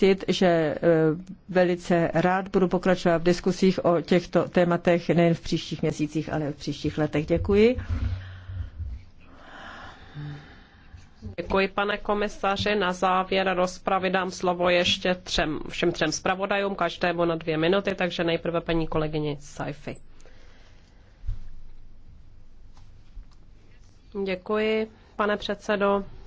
zjistit, že e, velice rád budu pokračovat v diskusích o těchto tématech nejen v příštích měsících, ale v příštích letech. Děkuji. Děkuji, pane komisaři. Na závěr rozpravy dám slovo ještě třem, všem třem zpravodajům, každému na dvě minuty, takže nejprve paní kolegyni Saifi. Děkuji, pane předsedo.